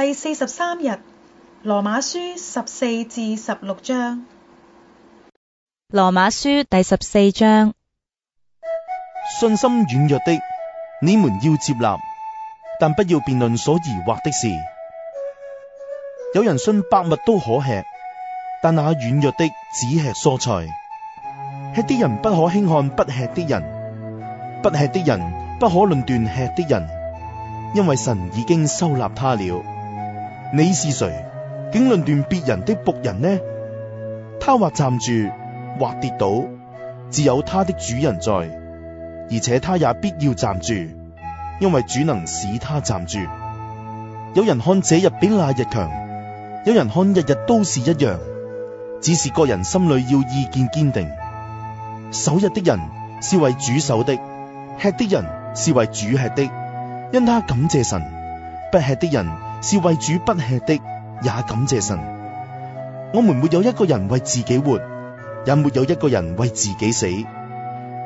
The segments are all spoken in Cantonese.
第四十三日，羅馬書十四至十六章。羅馬書第十四章，信心軟弱的，你們要接納，但不要辯論所疑惑的事。有人信百物都可吃，但那軟弱的只吃蔬菜。吃的人不可輕看不吃的人，不吃的人不可論斷吃的人，因為神已經收納他了。你是誰？竟論斷別人的僕人呢？他或站住，或跌倒，自有他的主人在，而且他也必要站住，因為主能使他站住。有人看這日比那日強，有人看日日都是一樣，只是各人心裏要意見堅定。守日的人是為主守的，吃的人是為主吃的，因他感謝神，不吃的人。是為主不吃的，也感謝神。我們沒有一個人為自己活，也沒有一個人為自己死。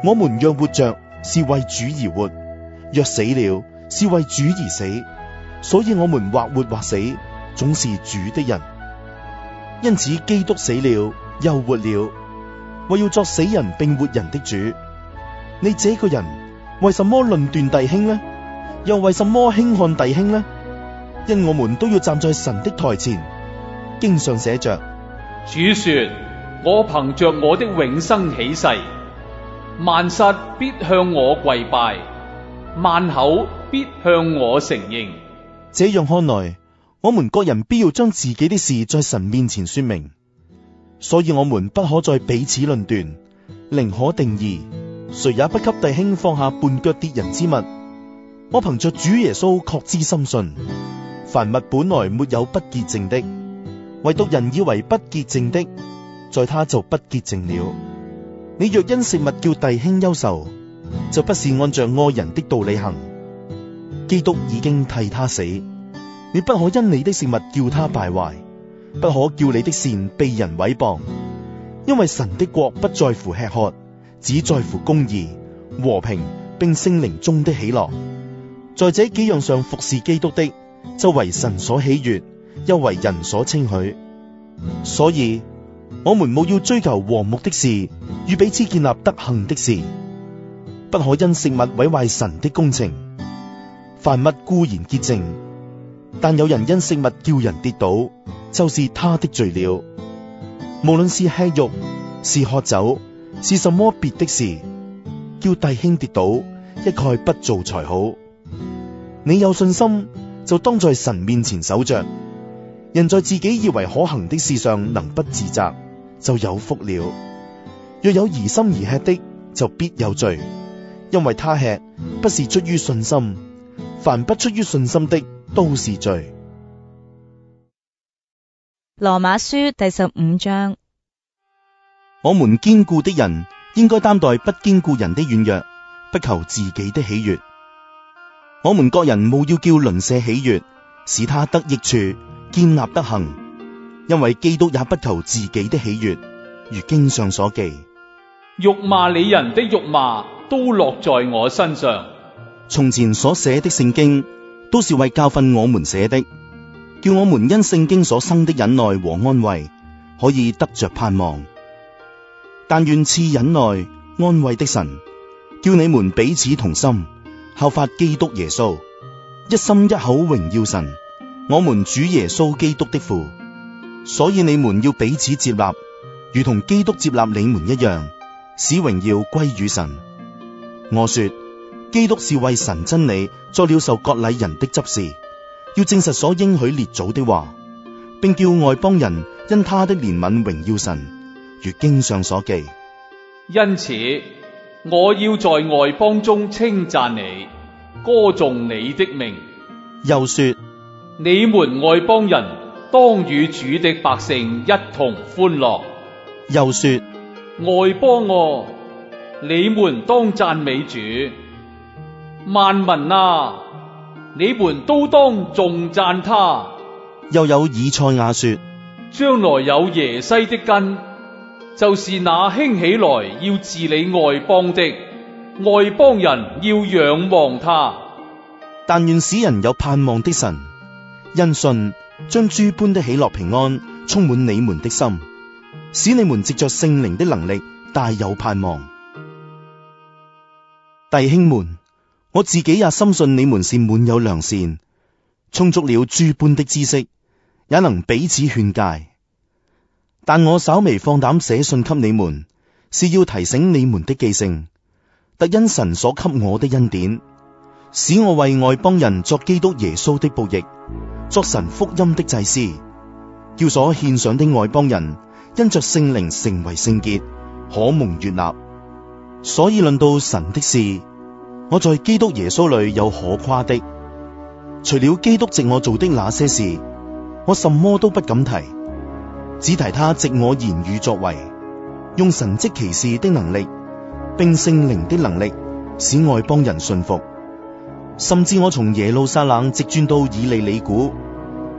我們若活着，是為主而活；若死了，是為主而死。所以，我們或活或死，總是主的人。因此，基督死了又活了，為要作死人並活人的主。你這個人為什麼論斷弟兄呢？又為什麼輕看弟兄呢？因我們都要站在神的台前，經上寫着：主說，我憑着我的永生起誓，萬膝必向我跪拜，萬口必向我承認。這樣看來，我們各人必要將自己的事在神面前說明，所以我們不可再彼此論斷，寧可定意，誰也不給弟兄放下絆腳跌人之物。我憑着主耶穌確知深信。凡物本來沒有不潔淨的，唯獨人以為不潔淨的，在他就不潔淨了。你若因食物叫弟兄憂愁，愁，就不是按着愛人的道理行。基督已經替他死，你不可因你的食物叫他敗壞，不可叫你的善被人毀謗。因為神的國不在乎吃喝，只在乎公義、和平，並聖靈中的喜樂。在這幾樣上服侍基督的，就為神所喜悅，又為人所稱許。所以，我們冇要追求和睦的事，與彼此建立德行的事，不可因食物毀壞神的工程。凡物固然潔淨，但有人因食物叫人跌倒，就是他的罪了。無論是吃肉，是喝酒，是什麼別的事，叫弟兄跌倒，一概不做才好。你有信心。就當在神面前守着，人在自己以為可行的事上能不自責，就有福了。若有疑心而吃的，就必有罪，因為他吃不是出於信心。凡不出於信心的，都是罪。羅馬書第十五章，我們堅固的人應該擔待不堅固人的軟弱，不求自己的喜悦。我們各人務要叫鄰舍喜悦，使他得益處，建立德行。因為基督也不求自己的喜悦，如經上所記：辱罵你人的辱罵都落在我身上。從前所寫的聖經，都是為教訓我們寫的，叫我們因聖經所生的忍耐和安慰，可以得着盼望。但願賜忍耐、安慰的神，叫你們彼此同心。效法基督耶穌，一心一口榮耀神。我們主耶穌基督的父，所以你們要彼此接納，如同基督接納你們一樣，使榮耀歸於神。我說，基督是為神真理作了受割禮人的執事，要證實所應許列祖的話，並叫外邦人因他的憐憫榮耀神，如經上所記。因此。我要在外邦中稱讚你，歌頌你的名。又說，你們外邦人當與主的百姓一同歡樂。又說，外邦我、啊，你們當讚美主。萬民啊，你們都當頌讚他。又有以賽亞說，將來有耶西的根。就是那興起來要治理外邦的，外邦人要仰望他。但願使人有盼望的神，因信將諸般的喜樂平安充滿你們的心，使你們藉着聖靈的能力大有盼望。弟兄們，我自己也深信你們是滿有良善，充足了諸般的知識，也能彼此勸戒。但我稍微放膽寫信給你們，是要提醒你們的記性。特因神所給我的恩典，使我為外邦人作基督耶穌的僕役，作神福音的祭司，叫所獻上的外邦人因着聖靈成為聖潔，可蒙悅納。所以論到神的事，我在基督耶穌裏有可誇的，除了基督藉我做的那些事，我什麼都不敢提。只提他藉我言語作為，用神蹟奇事的能力，並聖靈的能力，使外邦人信服。甚至我從耶路撒冷直轉到以利里古，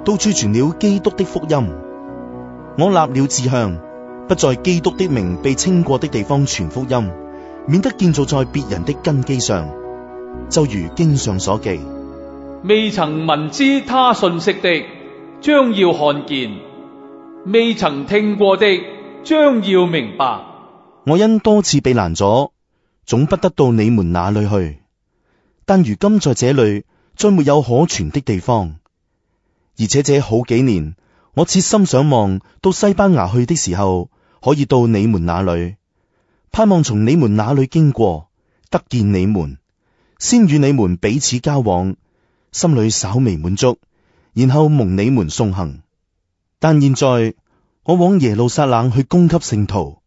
到處傳了基督的福音。我立了志向，不在基督的名被稱過的地方傳福音，免得建造在別人的根基上。就如經上所記：未曾聞知他信息的，將要看見。未曾聽過的，將要明白。我因多次被攔阻，總不得到你們那裏去。但如今在這裏，再沒有可傳的地方。而且這好幾年，我切心想望到西班牙去的時候，可以到你們那裏，盼望從你們那裏經過，得見你們，先與你們彼此交往，心裏稍微滿足，然後蒙你們送行。但現在我往耶路撒冷去供給聖徒，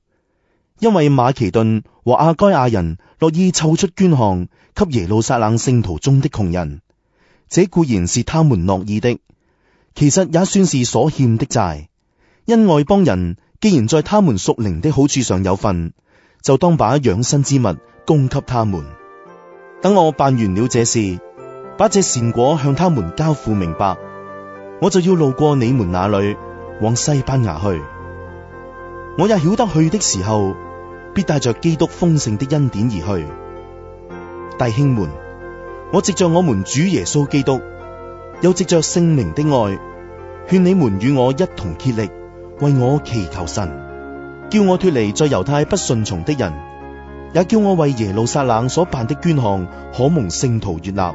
因為馬其頓和亞該亞人樂意湊出捐項給耶路撒冷聖徒中的窮人，這固然是他們樂意的，其實也算是所欠的債。因外邦人，既然在他們屬靈的好處上有份，就當把養身之物供給他們。等我辦完了這事，把這善果向他們交付明白。我就要路過你們那裏，往西班牙去。我也曉得去的時候，必帶着基督豐盛的恩典而去。弟兄們，我藉着我們主耶穌基督，又藉着聖靈的愛，勸你們與我一同竭力，為我祈求神，叫我脱離在猶太不順從的人，也叫我為耶路撒冷所辦的捐項可蒙聖徒悦納，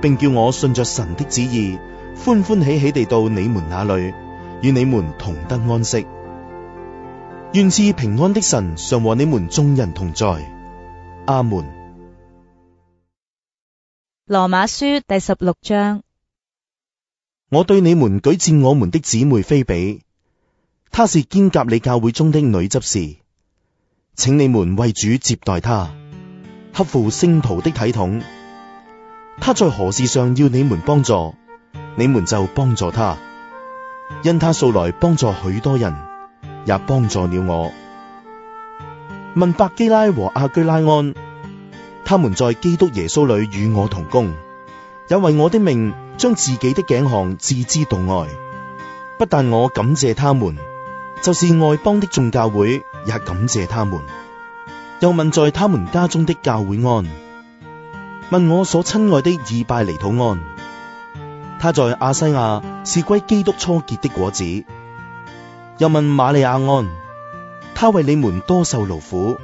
並叫我順着神的旨意。歡歡喜喜地到你們那裏，與你們同得安息。願賜平安的神，常和你們眾人同在。阿門。羅馬書第十六章，我對你們舉薦我們的姊妹非比，她是堅革哩教會中的女執事，請你們為主接待她，合乎聖徒的體統。她在何事上要你們幫助，你們就幫助他，因他素來幫助許多人，也幫助了我。問百基拉和阿居拉安，他們在基督耶穌裏與我同工，也為我的命將自己的頸項置之度外。不但我感謝他們，就是外邦的眾教會也感謝他們。又問在他們家中的教會安，問我所親愛的以拜尼土安。他在亞西亞是歸基督初結的果子，又問瑪利亞安，他為你們多受勞苦，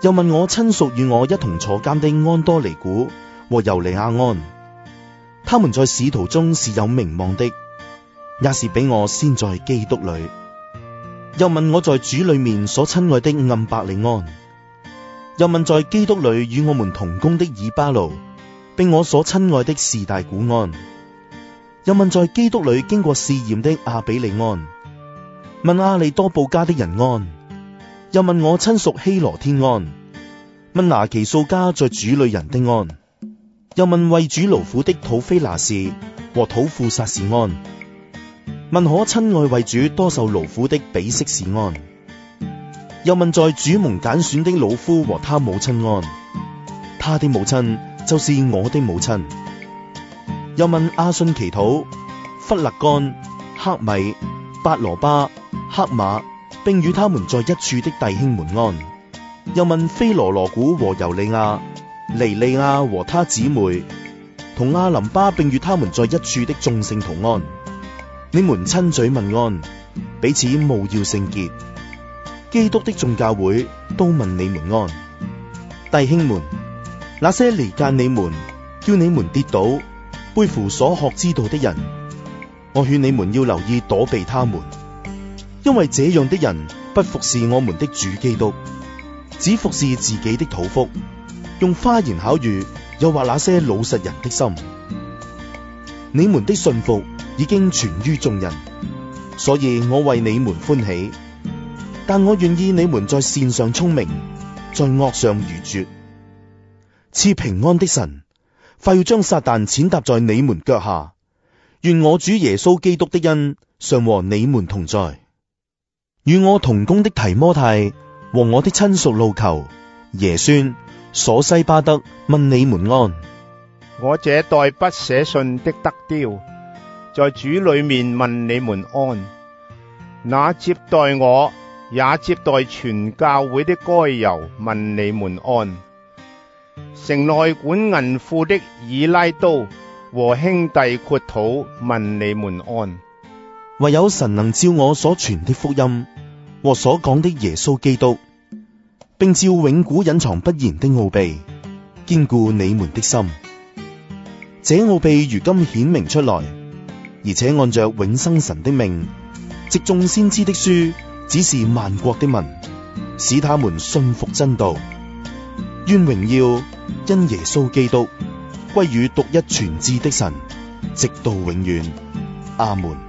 又問我親屬與我一同坐監的安多尼古和尤尼亞安，他們在使徒中是有名望的，也是比我先在基督裡，又問我在主裡面所親愛的暗伯利安，又問在基督裡與我們同工的爾巴奴，並我所親愛的士大古安。又問在基督裏經過試驗的阿比利安，問阿里多布家的人安，又問我親屬希羅天安，問拿奇素家在主裏人的安，又問為主勞苦的土菲拿士和土富撒士安，問可親愛為主多受勞苦的比色士安，又問在主蒙揀選的老夫和他母親安，他的母親就是我的母親。又問阿信祈禱，弗勒干、黑米、八羅巴、黑馬，並與他們在一處的弟兄們安；又問非羅羅古和尤利亞、尼利亞和他姊妹，同阿林巴，並與他們在一處的眾聖徒安。你們親嘴問安，彼此務要聖潔。基督的眾教會都問你們安，弟兄們，那些離間你們、叫你們跌倒，背乎所學之道的人，我勸你們要留意躲避他們，因為這樣的人不服侍我們的主基督，只服侍自己的肚腹，用花言巧語誘惑那些老實人的心。你們的信服已經傳於眾人，所以我為你們歡喜，但我願意你們在善上聰明，在惡上愚拙。賜平安的神。快要將撒旦踐踏在你們腳下，願我主耶穌基督的恩常和你們同在。與我同工的提摩太和我的親屬路求、耶孫、所西巴德問你們安。我這代不寫信的德雕，在主裏面問你們安。那接待我也接待全教會的該由問你們安。城內管銀庫的以拉都和兄弟括土問你們安。唯有神能照我所傳的福音和所講的耶穌基督，並照永古隱藏不言的奧秘，堅固你們的心。這奧秘如今顯明出來，而且按着永生神的命，藉眾先知的書，指示萬國的民，使他們信服真道。願榮耀因耶穌基督歸於獨一全智的神，直到永遠。阿門。